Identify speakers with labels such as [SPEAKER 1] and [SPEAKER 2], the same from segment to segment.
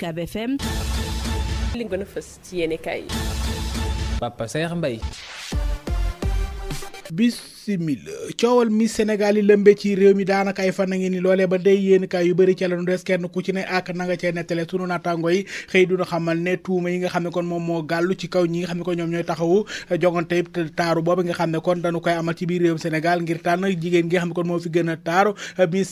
[SPEAKER 1] UCAB FM. li gën a fës ci yéenekaay yi. Papa Saer Mbaye bis simili coowal Miss Sénégal yi lëmbe ci réew mi daanaka ay fan na ngeen ni ba day yéen kaay yu bëri ca la nu des kenn ku ci ne ak na nga cee nettale sunu naataango yi xëy duna xamal ne tuuma yi nga xam ne kon moom moo gàllu ci kaw ñi nga xam ne kon ñoom ñooy taxawu eh, jogante it a taaru eh, bi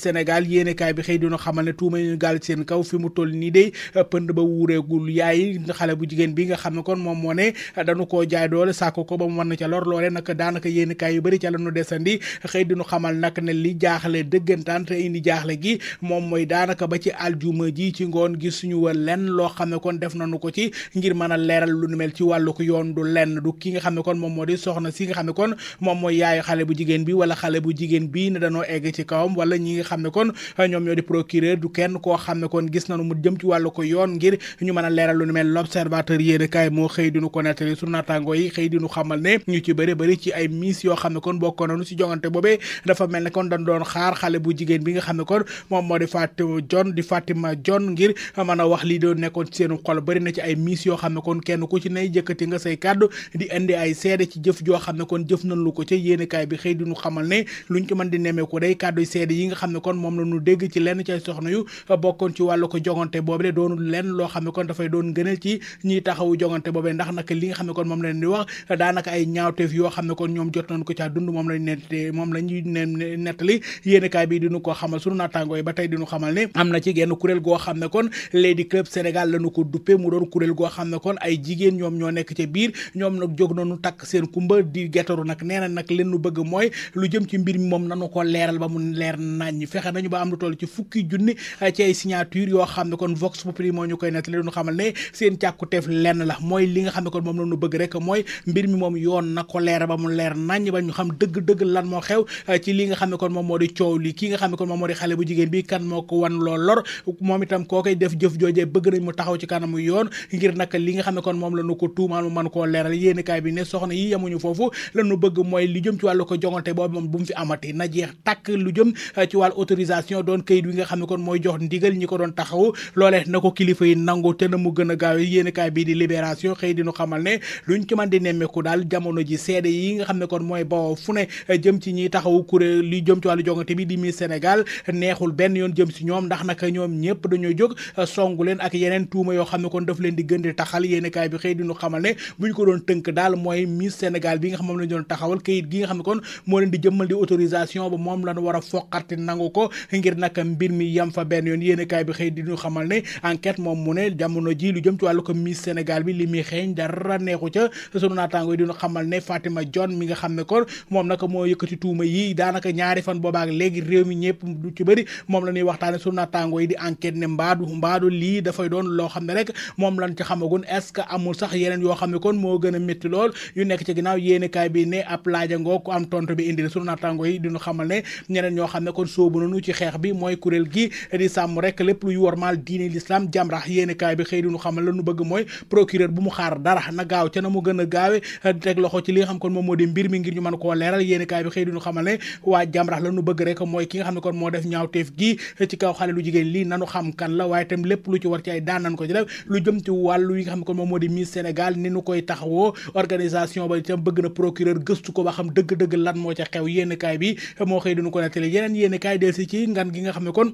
[SPEAKER 1] xëy duna xamal ne tuuma yi ñu gàll seen kaw fi mu toll nii day eh, pënd ba wuureegul yaay xale bu jigéen bi nga xam ne kon moom moo ne dañu koo jaay doole sàkk ko ba mu mën ca lor loole nag daanaka yéen kaay yu bëri ca la nu desandi xëy dinu xamal nag ne li jaaxle dëggantaan te indi jaaxle gi moom mooy daanaka ba ci aljuma ji ci ngoon gi suñu wa lenn loo xam ne kon def nañu ko ci ngir a leeral lu nu mel ci wàllu yoon du lenn du ki nga xam ne kon moom moo di soxna si nga xam ne kon moom mooy yaayu xale bu jigéen bi wala xale bu jigéen bi ne dañoo egg ci kawam wala ñi nga xam ne kon ñoom ñoo du kenn koo xam ne kon gis nañu mu jëm ci wàllu ko yoon ngir ñu mën a leeral lu nu mel l'observateur yéene kaay moo xëy dinu ko nettali sunu naataangoo yi xëy dinu xamal ne ñu ci bëri bëri ci ay miss yoo xam kon bokk kon bokkoon nu si jongante boobe dafa mel ne kon dañ doon xaar xale bu jigéen bi nga xam ne kon moom moo di Fatou John di Fatima John ngir mën a wax lii doon nekkoon ci seenu xol bëri na ci ay miss yoo xam ne kon kenn ku ci ne jëkkati nga say kàddu di indi ay seede ci jëf joo xam ne kon jëf nañ lu ko ca yéenekaay bi xëy di ñu xamal ne luñ ci mën di nemmeeku day kàddu seede yi nga xam ne kon moom la ñu dégg ci lenn ci ay soxna yu ci wàllu ko jongante boobu de doonul lenn loo xam ne kon dafay doon gënal ci ñiy taxawu jongante boobee ndax nag li nga xam ne kon moom leen di wax daanaka ay ñaawteef yoo xam ne kon ñoom jot nañ ko caa dund moom lañ nett moom la ñuy ne nettali yéen kaay bi diñu ko xamal sunu naataangoo yi ba tey diñu xamal ne am na ci genn kuréel goo xam ne kon Lady Club Sénégal lañu ko duppe mu doon kuréel goo xam ne kon ay jigéen ñoom ñoo nekk ca biir ñoom nag jóg nañu takk seen kumba di getaru nag nee na nag leen nu bëgg mooy lu jëm ci mbir mi moom nanu ko leeral ba mu leer nañ fexe nañu ba am lu toll ci fukki junni eh, ci ay yoo xam ne kon Vox Populi moo ñu koy nettali diñu xamal ne seen la li nga xam ne kon ba mu leer nañ ba ñu xam dëgg-dëgg lan moo xew eh, ci li nga xam ne kon moom moo di coow li ki nga xam ne kon moom moo di xale bu jigéen bi kan moo ko wan loo lor moom itam koo koy def jëf joojee bëgg nañ mu taxaw ci kanamu yoon la nu ko tuumaal mu mën koo leeral yéen yi yemuñu foofu la ko jongante boobu moom bu na eh, ko doon taxaw loolee na ko kilifa yi nangu te na mu gën a gaawe yéen kaay bii di libération xëy di nu xamal ne luñ ci mën di nemmeeku daal jamono ji seede yi nga xam ne kon mooy bawoo fu ne jëm ci ñiy taxawu kuréel li jëm ci wàllu jongante bi di Miss Sénégal neexul benn yoon jëm si ñoom ndax naka ñoom ñëpp dañoo jóg songu leen ak yeneen tuuma yoo xam ne kon daf leen di gën di taxal yéeni kaay bi xëy di ñu xamal ne bu ñu ko mooy Miss Sénégal bi nga xam moom lañ doon taxawal kayit gi nga xam ne kon moo leen di jëmmal di autorisation ba moom lañ war a foqati nangu ko ngir naka mbir mi yam fa benn yoon yéeni kaay bi xëy di xamal ne enquête moom mu ne jamono ji lu jëm ci wàllu ko Miss Sénégal bi li muy xeeñ dara neexu ca sunu naataango yi di xamal ne Fatima John mi nga xam ne kon moom nag moo yëkkati tuuma yi daanaka ñaari fan boobaak léegi réew mi ñëpp du ci bëri moom la ñuy su sunu naataango yi di enquête ne mbaadu mbaadu lii dafay doon loo xam ne rek moom lañ ci xamagun est-ce que amul sax yeneen yoo xam ne kon moo gën a métti lool nekk ci ginnaaw yéenekaay bi ne ab laajangoo ku am tontu bi indi sunu naataango yi diñu xamal ne ñeneen ñoo xam ne kon sóobu nañu ci xeex bi mooy kuréel gi sàmm rek lépp luy wormaal diine l'islam jamrax yéenekaay bi xëy diñu xamal la nu bëgg mooy procureur bu mu xaar dara na gaaw ca na mu gën a gaawe teg loxo ci li xam kon moom moo di mbir mi ngir ñu mën koo leeral leeral yéen kaay bi xëy duñu xamal ne waa la nu bëgg rek mooy ki nga xam ne kon moo def ñaawteef kon moom moo ba itam bëgg na procureur gëstu ko ba xam dëgg-dëgg lan yeneen yéen kaay ci ngan gi nga xam ne kon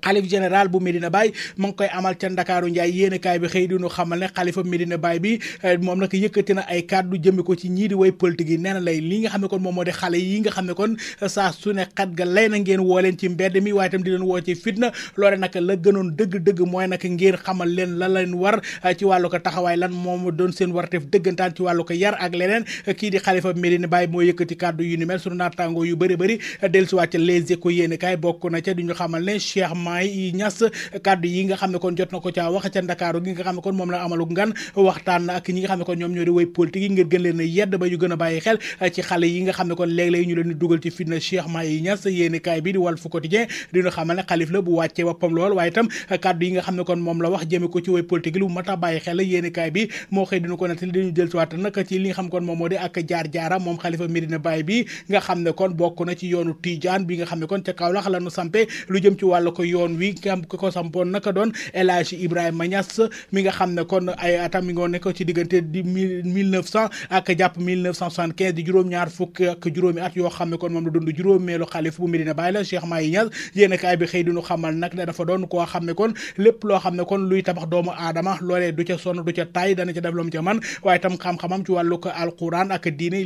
[SPEAKER 1] xalifa Medina Baye bi eh, moom nag yëkkati na ay kàddu jëme ko ci ñii di way politique yi nee lay li nga xam ne kon moom moo di xale yi yi nga xam ne kon saa su xat ga lay na ngeen woo leen ci mbedd mi waaye itam di leen woo ci fitna loole nag la gënoon dëgg-dëgg mooy nag ngir xamal leen la leen war eh, ci wàllu ko taxawaay lan moom doon seen warteef dëggantaan ci wàllu ko yar ak leneen eh, kii di xalifa Medina Baye moo yëkkati kàddu yu ni mel sunu naataangoo yu bëri bëri eh, dellusiwaat ca les échos yéeni kaay bokk na ca di ñu xamal ne Cheikh yi nga xam kon jot na ko caa wax ca Ndakaaru gi nga xam ne kon moom la amalu ngan waxtaan ak ñi nga xam ne kon ñoom ñoo di way politique yi ngir gën leen a tey ñu leen dugal ci fitna Cheikh Mahi Niass yéeni kaay bi di Walf Quotidien dina xamal ne xalif la bu wàccee boppam lool waaye itam kàddu yi nga xam ne kon moom a moo xëy ak jaar jaara moom xalifa Medina Baye bi nga xam ne kon bokk na ci yoonu Tidiane bi nga xam ne kon ca Kaolack la nu sampe lu jëm ci wàllu ko yoon wi nga xam ko sampoon naka doon El Hadji Ibrahima Niass mi nga xam ne kon ay atam mi ngoo nekk ci diggante di mille neuf cent ak jàpp mille yoo xam ne kon moom la dund juróomeelu xalif bu Medina Baye la Cheikh Mahi Niass yéen bi xëy dinu xamal nag ne dafa doon koo xam ne kon lépp loo xam ne kon luy tabax doomu aadama loolee du ca sonn du ca tay dana ca def lu mu waaye tam xam-xamam wàllu ko alquran ak diine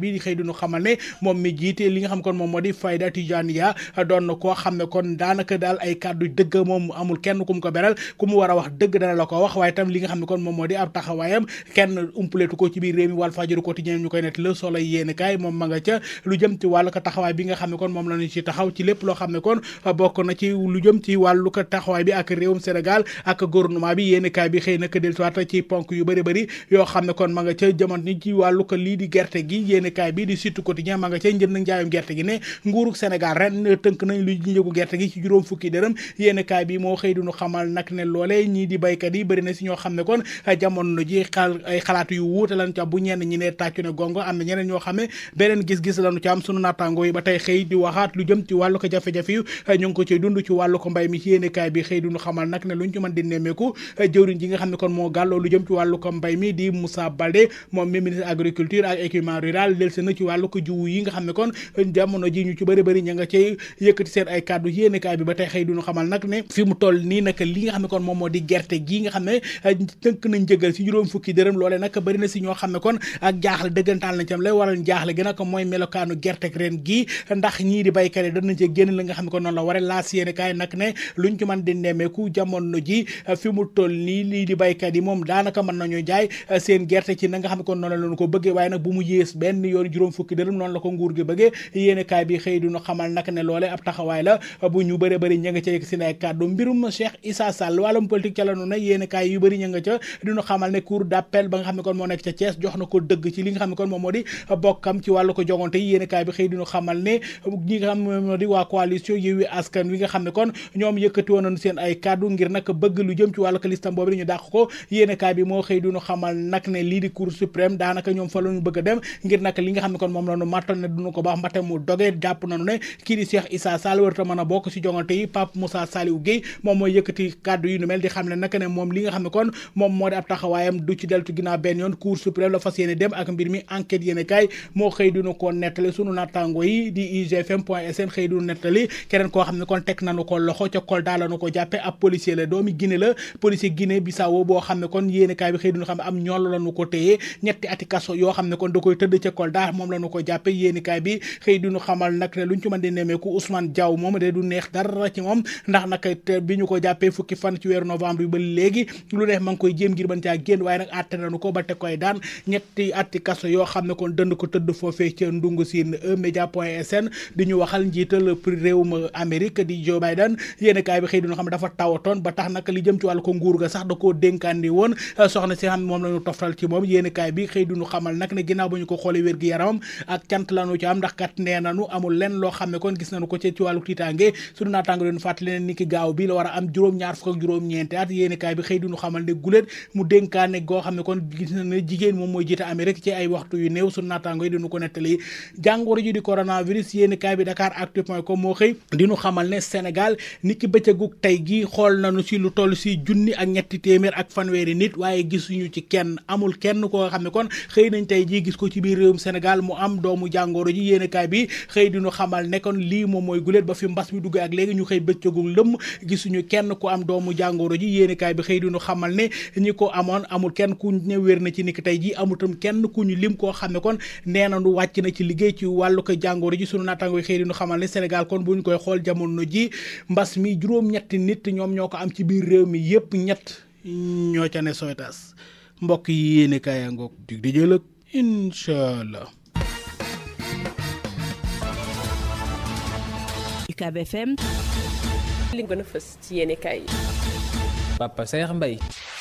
[SPEAKER 1] bi xëy dinu xamal ne moom mi jiite li nga xam kon moom moo di fayda tijaniya doon na ko xam ne kon daanaka daal ay kàddu dëgg moom amul kenn ku mu ko beral ku mu war a wax dëgg dana la ko wax waaye tam li nga xam ne kon moom moo di ab taxawaayam kenn umpaletu ko ci biir réew mi Walf Fadjri quotidien ñu koy net le Soleil yéen kaay moom ma nga ca lu jëm ci wàllu ko taxawaay bi nga xam ne kon moom la ñu ci taxaw ci lépp loo xam ne kon bokk na ci lu jëm ci wàllu ko taxawaay bi ak réewum Sénégal ak gouvernement bi yenn kaay bi xëy na ko dellusiwaat ci ponk yu bëri bëri yoo xam ne kon ma nga ca jamono ni ci wàllu ko lii di gerte gi yéen kaay bi di Sud Quotidien ma nga ca njënd njaayum gerte gi ne nguurug Sénégal ren tënk nañ lu njëgu gerte gi ci juróom fukki dërëm yéen kaay bi moo xëy duñu xamal nag ne loolee ñii di baykat yi bëri na si ñoo xam ne kon jamono ji xal ay xalaat yu wuute lan ca bu ñenn ñi ne tàccu ne gongo am na ñeneen ñoo xam ne beneen gis-gis lanu ci am sunu naataango yi ba tey xëy di waxaat lu jëm ci wàllu ko jafe-jafe yu eh, ñu ngi ko ci wàllu ci bi xëy duñu xamal nag ne luñ ci mën di nemmeeku eh, jëwriñ ji nga xam ne kon moo gàlloo lu jëm ci wàllu ko mbay mi di Moussa Baldé moom mi ministre agriculture ak équipement rural na ci wàllu ko jiwu eh, li nga xam ne kon moom di gerte gi nga xam ne tënk nañ jëgal si juróom na si ñoo xam ne kon ak jaaxle dëggantaan lañ ci am lay waral jaaxle gi nag mooy melo melokaanu gerte ak gi ndax ñii di béykat yi danañ ci génn li nga xam ne ko di nemmeeku jamono ji fi mu toll nii uh, na nga xam ne ko noonu la loonu ko bëggee waaye nag bu la ko nguur gi bëggee la uh, bu ñu bëri bëri ña nga ca yëg si ba nga xam ne kon moo nekk ca Thiès jox na ko dëgg ci li nga xam ne kon moom moo di uh, bokkam ci wàllu ko jongante yéen kaay bi xëy dinu xamal ne ñi nga xam ne di waa coalition Yewwi Askan Wi nga xam ne kon a dem ngir li nga xam ne kon moom la ñu màttal ne duñu ko baax mbate mu dogee jàpp nañu ne kii di Cheikh Issa Sall warta a bokk si jongante yi Pape Moussa Saliou Guèye moom mooy li nga xam ne kon moom moo di ab taxawaayam du ci deltu ginnaaw benn yoon cour suprême la fas yéene dem ak mbir mi enquête yéen kaay moo xëy dinu ko net nettali sunu nattaango yi di igfm point sn xëy du nettali keneen koo xam ne kon teg nanu ko loxo ca Kolda la nu ko jàppe ab policier la doomi Guinée la policier Guinée Bissau boo xam ne kon yéenekaay bi xëy du xam ne am ñool la nu ko téye ñetti ati kaso yoo xam ne kon da koy tëdd ca Kolda moom la nu ko jàppe yéenekaay bi xëy du xamal nag ne luñ ci mën di nemeeku Ousmane Diaw moom de du neex dara ci moom ndax nag bi ñu ko jàppee fukki fan ci weeru novembre yu ba léegi lu neex ma ngi koy jéem ngir mën caa génn waaye nag àtte nanu ko ba te koy daan ñetti ati kaso yoo xam ne kon dënd ko tëdd foofee ca ndung bu siin e média point sn di ñu waxal njiital réewum Amérique di Joe Biden yéen kaay bi xëy dina da koo dénkaandi woon soxna si xam moom la ñu xamal ne ba ñu ko xoolee wér gi yaramam ak cant lanu ci am ndax kat nee nanu amul lenn loo xamee kon gis nañu ko ci ci wàllu tiitaange suñu naataango la war a am juróom-ñaar fukk ak juróom-ñeenti at yéen kaay bi xëy duñu xamal ne guléet mu dénkaane goo xam ne kon gis na ne jigéen moom mooy jiite Amérique ci ay waxtu yu néew suñu naataango yi diñu ko nettali jàngoro ji di coronavirus yéeni kaay bi Dakar Actu point ko moo xëy di nu xamal ne Sénégal ni ki bëccëgug tey gi xool nañu ci lu toll si junni ak ñetti téeméer ak fanweeri nit waaye gisuñu ci kenn amul kenn koo xam ne kon xëy nañ tey ji gis ko ci biir réewum Sénégal mu am doomu jàngoro ji yéeni bi xëy di nu xamal ne kon lii moom mooy guléet ba fi mbas mi dugg ak léegi ñu xëy bëccëgug lëmm gisuñu kenn ku am doomu jàngoro ji yéeni bi xëy di nu xamal ne ñi ko amoon amul kenn ku ne wér na ci ni tey ji amutam kenn ku ñu lim koo xam ne kon nee na nu wàcc na ci liggéey wàllu ko ji sunu naataango xëy di ne Sénégal kon bu ñu koy xool jamono ji mbas mi juróom-ñetti ñoom ñoo ko am ci biir réew mi yépp ñett ñoo ca ne soytas mbokk yi yéene kaayangoog dig di jëlëg incha ci yéene kaay yi. Papa Saer Mbaye.